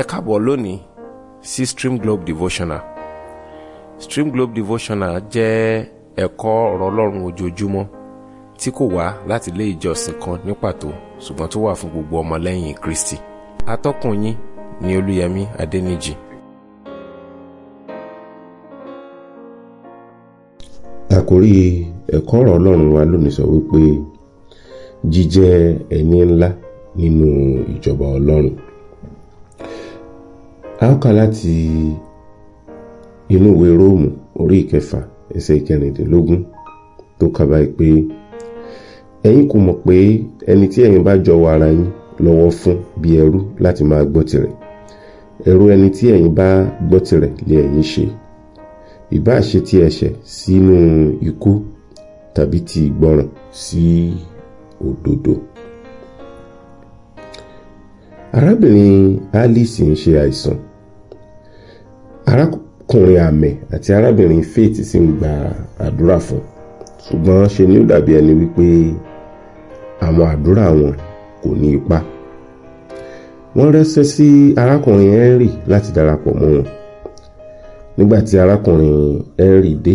ẹ káàbọ̀ lónìí sí stream globe devotional stream globe devotional jẹ́ ẹ̀kọ́ ọ̀rọ̀ ọlọ́run ojoojúmọ́ tí kò wá láti ilé ìjọsìn kan ní pàtó ṣùgbọ́n tó wà fún gbogbo ọmọlẹ́yìn kristi atọ́kùn yín ni olúyẹmí adẹ́nìjì. àkòrí ẹ̀kọ́ ọ̀rọ̀ ọlọ́run wa lónìí sọ wípé jíjẹ́ ẹni ńlá nínú ìjọba ọlọ́run a ó kà láti inú ìwé róòmù orí ìkẹfà ẹsẹ̀ ìkẹrìndínlógún tó kà báyìí pé ẹ̀yin kò mọ̀ pé ẹni tí ẹ̀yin bá jọ̀wọ́ ara yín lọ́wọ́ fún bí ẹrú láti máa gbọ́ tirẹ̀ ẹrú ẹni tí ẹ̀yin bá gbọ́ tirẹ̀ lé ẹ̀yin ṣe ìbáà ti ẹ̀ṣẹ̀ sínú ikú tàbí ti ìgbọràn sí si òdodo. arábìnrin alice ń ṣe àìsàn arákùnrin àmẹ àti arábìnrin faith sì ń gba àdúrà fún ṣùgbọ́n ṣe ni ó dàbí ẹni wípé àwọn àdúrà wọn kò ní ipa wọ́n rẹ́sẹ́ sí arákùnrin henry láti darapọ̀ mọ́ wọn nígbà tí arákùnrin henry dé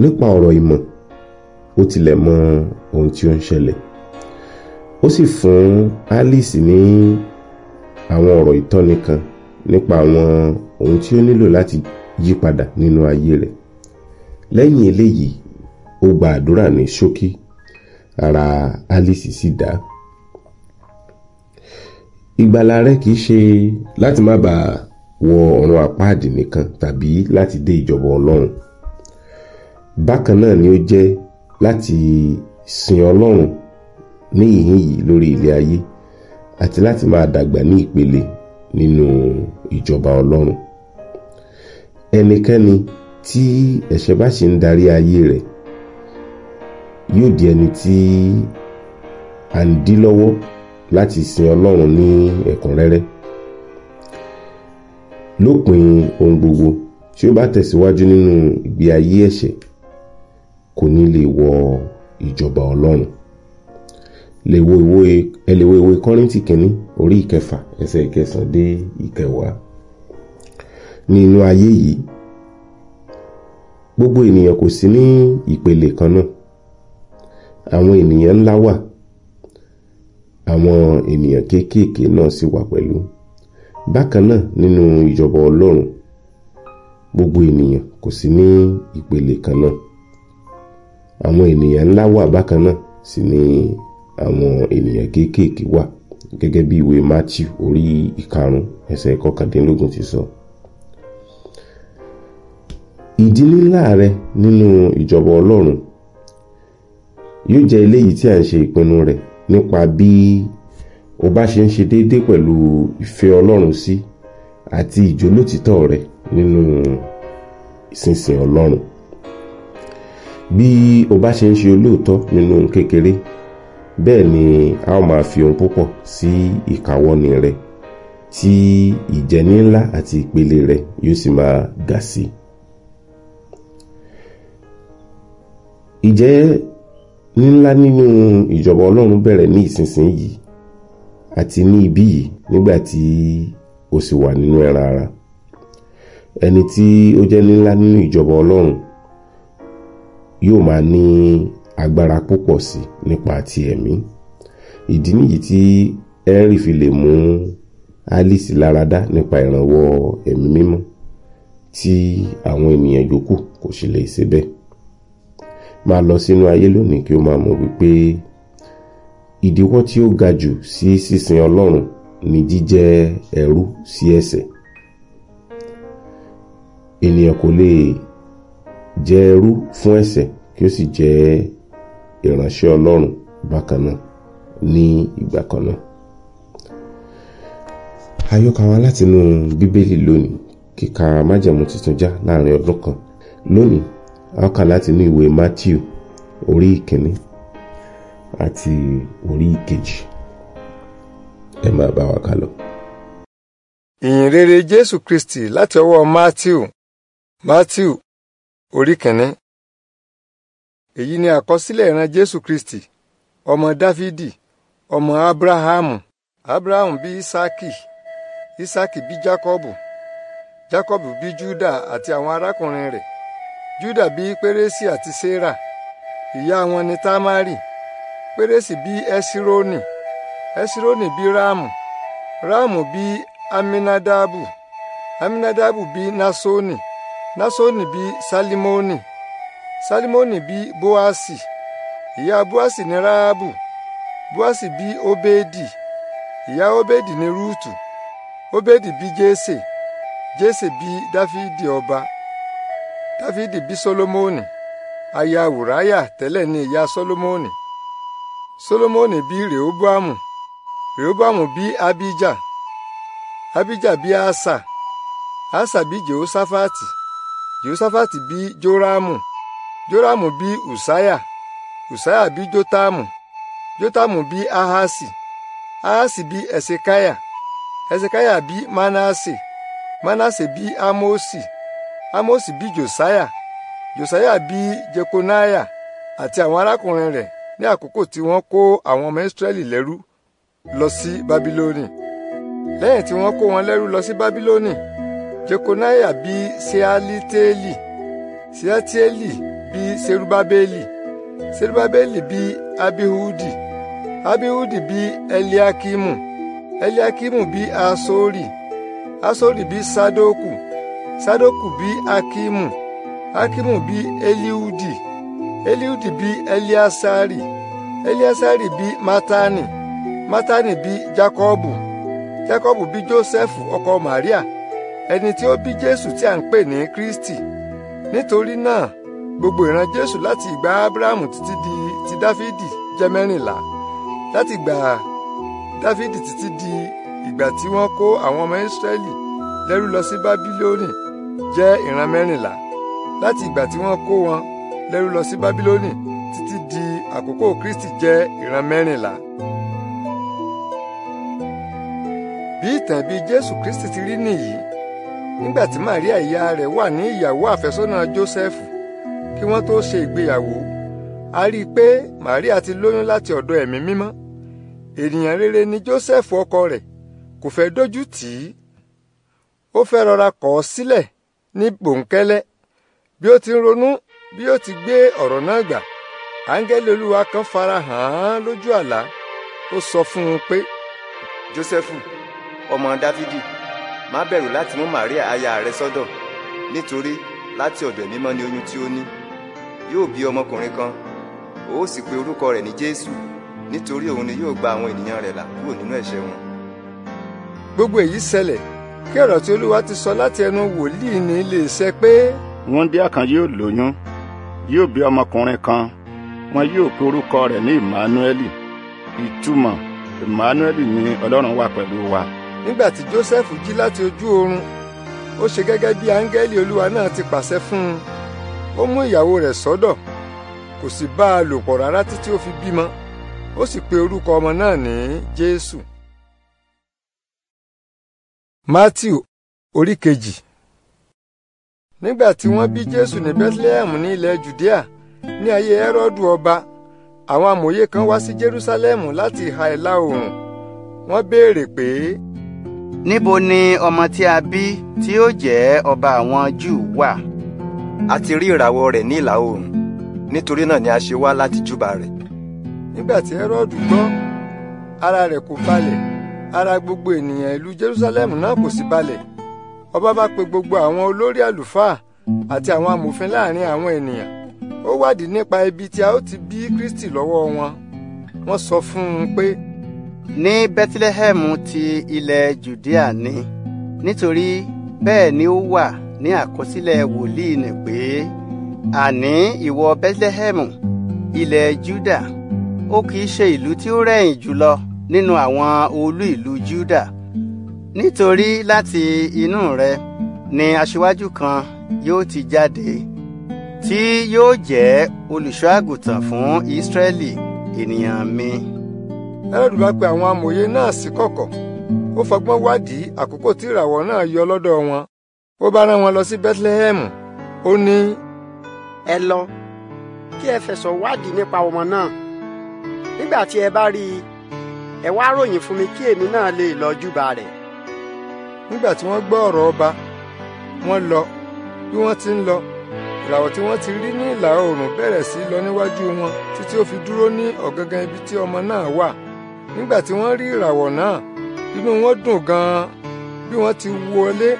nípa ọ̀rọ̀ ìmọ̀ ó tilẹ̀ mọ ohun tí ó ń ṣẹlẹ̀ ó sì fún Alice ní àwọn ọ̀rọ̀ ìtọ́ni kan nípa àwọn ohun tí ó nílò láti yí padà nínú ayé rẹ̀ lẹ́yìn eléyìí ó gba àdúrà ní ṣókí ara Alice sì dá ìgbàlà rẹ̀ kìí ṣe láti má bàa wọ ọ̀run àpáàdì nìkan tàbí láti dé ìjọba Ọlọ́run bákan náà ni ó jẹ́ láti sin ọlọ́run ní ìhín yìí lórí ilé ayé àti láti máa dàgbà ní ìpele nínú ìjọba ọlọ́run ẹnikẹ́ni tí ẹ̀ṣẹ̀ bá sì ń darí ayé rẹ̀ yóò di ẹni tí à ń dí lọ́wọ́ láti sin ọlọ́run ní ẹ̀kúnrẹ́rẹ́ lópin ohun gbogbo tí ó bá tẹ̀síwájú nínú ìgbé ayé ẹ̀ṣẹ̀ kò ní lè wọ ìjọba ọlọ́run lèwo ìwé ẹ lè wo ìwé kọ́rìntì kínní orí ìkẹfà ẹsẹ̀ ìkẹsàn dé ìkẹwàá nínú ayé yìí gbogbo ènìyàn kò sí ní ìpele kan náà àwọn ènìyàn ńlá wà àwọn ènìyàn kéékèèké náà sì wà pẹ̀lú bákan náà nínú ìjọba ọlọ́run gbogbo ènìyàn kò sí ní ìpele kan náà àwọn ènìyàn ńlá wà bákan náà sì ni àwọn ènìyàn kéékèèké wà gẹ́gẹ́ bí ìwé Matthew orí ìkarùn ẹsẹ̀ kọkàndínlógún ti sọ. ìdílé ńlá rẹ nínú ìjọba Ọlọ́run yóò jẹ́ eléyìí tí a ń ṣe ìpinnu rẹ̀ nípa bí o bá ṣe ń ṣe déédéé pẹ̀lú ìfẹ́ Ọlọ́run sí àti ìjólótítọ́ rẹ nínú ìsinsìn Ọlọ́run bí o bá ṣe ń ṣe olóòótọ́ nínú ohun kékeré bẹ́ẹ̀ ni a ó máa fi ohun púpọ̀ sí ìkáwọ́ni rẹ tí ìjẹni ńlá àti ìpele rẹ yóò sì máa ga sí i. ìjẹ́ ńlá nínú ìjọba ọlọ́run bẹ̀rẹ̀ ní ìsinsìnyí àti ní ibí yìí nígbà tí o sì wà nínú ẹran ara ẹni tí ó jẹ́ ńlá nínú ìjọba ọlọ́run yóò máa ní agbára púpọ̀ sí nípa ti ẹ̀mí ìdí nìyí tí Henry fi lè mú Alice láradá nípa ìrànwọ́ ẹ̀mí mímọ́ tí àwọn ènìyàn yòókù kò sì lè ṣe bẹ́ẹ̀ máa lọ sínú ayé lónìí kí o máa mọ̀ wípé ìdíwọ́ tí ó ga jù sí sísin Ọlọ́run ni jíjẹ́ ẹrú sí ẹ̀ṣẹ̀ ènìyàn kò lè jẹ́ ẹrú fún ẹ̀ṣẹ̀ kí ó sì jẹ́ ìránṣẹ́ ọlọ́run bákan ní ìgbà kanáà. náà. àyọkà wa látinú bíbélì lónìí kíka májẹ̀mú tuntun já láàrin ọdún kan lónìí a ó kà látinú ìwé matthew orí ìkíní àti orí ìkejì ẹ máa bá wa kà lọ. ìyìn rere jésù kristi láti ọwọ́ matthew matthew orí kẹ̀nẹ́ èyí ni àkọsílẹ̀ ìran jésù kristi ọmọ dáfídì ọmọ abrahamu abrahamu bí isaki isaki bí Jakobu, Jakobu bí juda àti àwọn arákùnrin rẹ̀ juda bí pérésì àti Sera, ìyá wọn ni tamari pérésì bí esironi esironi bí ramu ramu bí aminadabu aminadabu bí nasoni Nasoni bí salimoni. Salimoni bí boasi. ìyá boasi ni ráábù bóásì bí obedi ìyá obedi ni rúùtù obedi bí jésè jésè bí dáfídì ọba dáfídì bí Solomoni. aya wùráyà tẹ́lẹ̀ ní ìyá Solomoni. Solomoni bi Rehoboamu. Rehoboamu bi bi Asa. Asa bi josafati bí joramu joramu bí usaya usaya bí jotamu jotamu bí ahasi ahasi bí esekaya esekaya bí manase manase bí amosi amosi bí Josaya. Josaya bí jekonaya àti àwọn arákùnrin rẹ̀ ní àkókò tí wọ́n kó àwọn ọmọ israẹli lẹ́rú lọ sí babiloni lẹ́yìn tí wọ́n kó wọn lẹ́rú lọ sí babiloni. Jekonaya bí Ṣealitieli Ṣealitieli bí Serubabeli Serubabeli bí Abihudi Abihudi bí Eliakimu Eliakimu bí Asori Asori bí Sadoku Sadoku bí Akimu Akimu bí Eliudi Eliudi bí Eliasari Eliasari bí Matani Matani bí Jakobu Jakobu bí Jósẹ́fù ọkọ Maria ẹni tí ó bí Jésù tí a ń pè ní Kristi nítorí náà gbogbo ìran Jésù láti ìgbà Ábúráhámù títí di ti Dáfídì jẹ́ mẹ́rìnlá láti ìgbà Dáfídì títí di ìgbà tí wọ́n kó àwọn ọmọ Ísírẹ́lì lẹ́rú lọ sí Bábílónì jẹ́ ìran mẹ́rìnlá láti ìgbà tí wọ́n kó wọn lẹ́rú lọ sí Bábílónì títí di àkókò Kristi jẹ́ ìran mẹ́rìnlá. bí ìtàn bí Jésù Kristi ti rí nìyí nígbà tí Maria ìyá rẹ̀ wà ní ìyàwó àfẹ́sọ́nà Jósẹ́fù kí wọ́n tó ṣe ìgbéyàwó a rí i pé Maria ti lóyún láti ọ̀dọ̀ ẹ̀mí mímọ́ ènìyàn rere ni Joseph ọkọ rẹ̀ kò fẹ́ dójú tì í ó fẹ́ rọra kọ̀ ọ́ sílẹ̀ ní bòńkẹ́lẹ́ bí ó ti ń ronú bí ó ti gbé ọ̀rọ̀ náà gbà áńgẹ́lì olúwa kan fara hàn án lójú àlá ó sọ fún un pé. Jósẹ́fù ọmọ Dáfídì má bẹ̀rù láti mú Màríà aya rẹ sọ́dọ̀ nítorí láti ọ̀dọ̀ ẹ̀mí mímọ́ ni oyún tí ó ní yóò bí ọmọkùnrin kan ó sì pe orúkọ rẹ̀ ní Jésù nítorí òun ni yóò gba àwọn ènìyàn rẹ̀ là kúrò nínú ẹ̀ṣẹ̀ wọn. gbogbo èyí ṣẹlẹ̀ kí ọ̀rọ̀ tí Olúwa ti sọ láti ẹnu wòlíì ní lè ṣẹ pé. wúńdíá kan yóò lóyún yóò bí ọmọkùnrin kan wọn yóò pe orúkọ rẹ̀ ní Emmanuel ìtumọ̀ Emmanuel ni Ọlọ́run wà pẹ̀lú wa. Pẹ̀lú nígbà tí Jósẹ́fù jí láti ojú oorun ó ṣe gẹ́gẹ́ bí áńgẹ́lì olúwa náà ti pàṣẹ fún un ó mú ìyàwó rẹ̀ sọ́dọ̀ kò sì bá a lò pọ̀ rárá títí ó fi bímọ ó sì pe orúkọ ọmọ náà ní Jésù. Matthew orí kejì nígbà tí wọ́n bí Jésù ní Bethlehem ní ilẹ̀ Judea ní ayé Hẹ́rọ́dù ọba àwọn amòye kan wá sí Jerusalem láti ìhà ìlà oòrùn wọ́n béèrè pé níbo ni ọmọ tí a bí tí ó jẹ́ ọba àwọn Júù wà. a ti rí ìràwọ̀ rẹ̀ ní ìlà oòrùn nítorí náà ni a ṣe wá láti júbà rẹ̀. nígbà tí Hẹ́rọ́dù gbọ́ ara rẹ̀ kò balẹ̀ ara gbogbo ènìyàn ìlú Jerúsálẹ́mù náà kò sì balẹ̀ ọba bá pe gbogbo àwọn olórí àlùfáà àti àwọn amòfin láàrin àwọn ènìyàn ó wádìí nípa ibi tí a ó ti bí Kristi lọ́wọ́ wọn wọ́n sọ fún un pé ní bẹ́tílẹ́hẹ́mù ti ilẹ̀ jùdíà ni nítorí bẹ́ẹ̀ ni ó wà ní àkọsílẹ̀ wòlíì nì pé àní ìwọ bẹ́tílẹ́hẹ́mù ilẹ̀ Juda, ó kìí ṣe ìlú tí ó rẹ̀yìn jùlọ nínú àwọn olú ìlú júdà nítorí láti inú rẹ ni aṣíwájú kan yóò ti jáde tí yóò jẹ́ olùṣọ́ àgùntàn fún ìsírẹ́lì ènìyàn mi. Hẹ́rọ́dù bá àwọn amòye náà sí kọ̀kọ̀ ó fọgbọ́n wádìí àkókò tí ìràwọ̀ náà yọ lọ́dọ̀ wọn ó bá rán wọn lọ sí Bethlehem ó ní. ẹ lọ kí ẹ fẹ̀sọ̀ wádìí nípa ọmọ náà nígbà tí ẹ bá rí i ẹ wá ròyìn fún mi kí èmi náà lè lọ júbà rẹ̀. nígbà tí wọ́n gbọ́ ọ̀rọ̀ ọba wọ́n lọ bí wọ́n ti ń lọ ìràwọ̀ tí wọ́n ti rí ní ìlà oòrùn bẹ̀rẹ̀ sí lọ níwájú wọn títí ó fi dúró ní ọ̀gángan ibi tí ọmọ náà wà nígbà tí wọ́n rí ìràwọ̀ náà inú wọn dùn gan-an bí wọ́n ti wọlé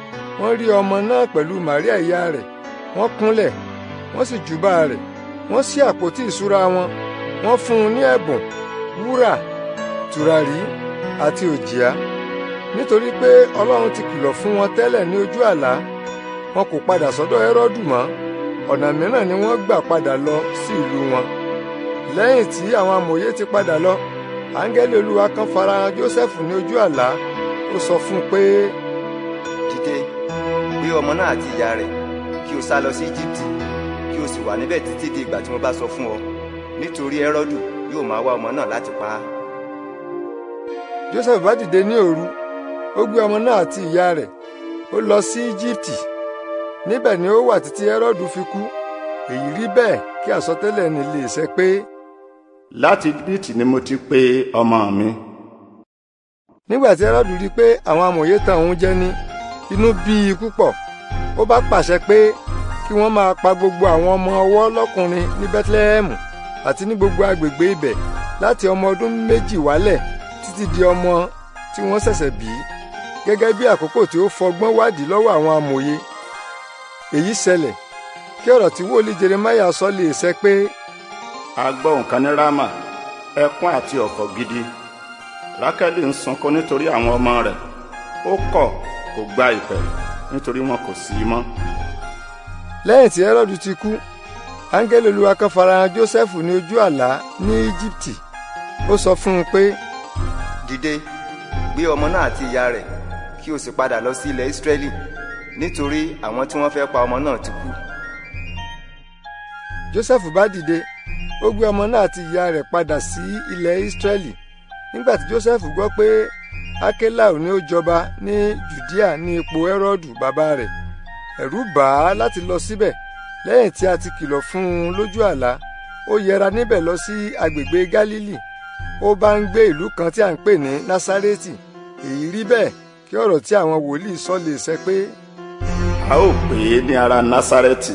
wọ́n rí ọmọ náà pẹ̀lú Màríà ìyá rẹ̀ wọ́n kúnlẹ̀ wọ́n sì júbà rẹ̀ wọ́n ṣí àpótí ìṣúra wọn wọ́n fún un ní ẹ̀bùn wúrà tùràrí àti òjìá nítorí pé Ọlọ́run ti kìlọ̀ fún wọn tẹ́lẹ̀ ní ojú àlá wọn kò padà sọ́dọ̀ Hẹ́rọ́dù mọ́ ọ̀nà mìíràn ni wọ́n gbà padà lọ sí ìlú wọn lẹ́yìn tí àwọn amòye ti padà lọ áńgẹ́lì olúwa kan farahàn jósẹ́fù ní ojú àlá ó sọ fún un pé. dìde gbé ọmọ náà àti ìyá rẹ̀ kí o sá lọ sí íjíbítì kí o sì wà níbẹ̀ títí di ìgbà tí mo bá sọ fún ọ nítorí ẹrọ́dù yóò máa wá ọmọ náà láti pa á. jósẹ́fù bá dìde ní òru ó gbé ọmọ náà àti ìyá rẹ̀ ó lọ sí íjíbítì níbẹ̀ ni ó wà títí ẹrọ́dù fi kú èyí rí bẹ́ẹ̀ kí àsọtẹ́lẹ̀ ní lè ṣẹ pé láti Íjíbítì ni mo ti pe ọmọ mi. nígbà tí Hẹ́rọ́dù rí i pé àwọn amòye tan òun jẹ ní inú bí i púpọ̀ ó bá pàṣẹ pé kí wọ́n máa pa gbogbo àwọn ọmọ ọwọ́ lọ́kùnrin ní Bẹ́tílẹ́hẹ́mù àti ní gbogbo agbègbè ibẹ̀ láti ọmọ ọdún méjì wálẹ̀ títí di ọmọ tí wọ́n ṣẹ̀ṣẹ̀ bí gẹ́gẹ́ bí àkókò tí ó fọgbọ́n wádìí lọ́wọ́ àwọn amòye èyí ṣẹlẹ̀ kí ọ̀rọ̀ tí wòlíì Jeremáyà sọ lè ṣẹ pé a gbọ́ nǹkan ní Rámà ẹkún àti ọ̀fọ̀ gidi Rákẹ́lì ń sunkún nítorí àwọn ọmọ rẹ̀ ó kọ̀ kò gba ìpè nítorí wọn kò sí mọ́. lẹ́yìn tí Hẹ́rọ́dù ti kú áńgẹ́lì Olúwa kan farahàn Jósẹ́fù ní ojú àlá ní Íjíbítì ó sọ fún un pé. dìde gbé ọmọ náà àti ìyá rẹ̀ kí o sì padà lọ sí ilẹ̀ Ísírẹ́lì nítorí àwọn tí wọ́n fẹ́ pa ọmọ náà ti kú. Jósẹ́fù bá dìde ó gbé ọmọ náà àti ìyá rẹ̀ padà sí ilẹ̀ Ísírẹ́lì nígbà tí Jósẹ́fù gbọ́ pé Akelau ni ó jọba ní Jùdíà ní ipò Hẹ́rọ́dù bàbá rẹ̀ ẹ̀rù bà á láti lọ síbẹ̀ lẹ́yìn tí a ti kìlọ̀ fún un lójú àlá ó yẹra níbẹ̀ lọ sí agbègbè Gálílì ó bá ń gbé ìlú kan tí a ń pè ní Násárẹ́tì èyí rí bẹ́ẹ̀ kí ọ̀rọ̀ tí àwọn wòlíì sọ lè ṣẹ pé. a ó pè é ní ará Násárẹ́tì